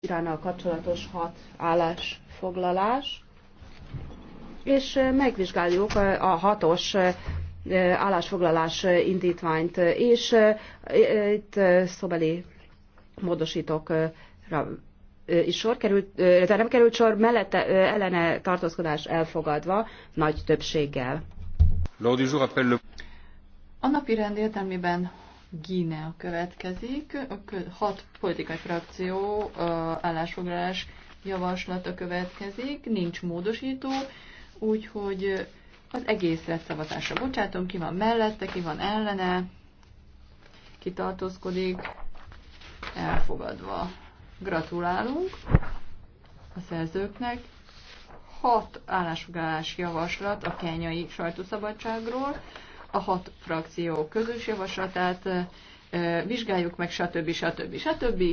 Iránnal kapcsolatos hat állásfoglalás, és megvizsgáljuk a hatos állásfoglalás indítványt, és itt szobeli módosítókra is sor került, de nem került sor, mellette ellene tartózkodás elfogadva nagy többséggel. A napi rend értelmében Gínea következik. a Hat politikai frakció állásfoglalás javaslata következik, nincs módosító, úgyhogy az egészre szavazásra bocsátom, ki van mellette, ki van ellene, ki tartózkodik, elfogadva. Gratulálunk a szerzőknek. Hat állásfoglalás javaslat a kenyai sajtószabadságról a hat frakció közös javaslatát, vizsgáljuk meg, stb. stb. stb.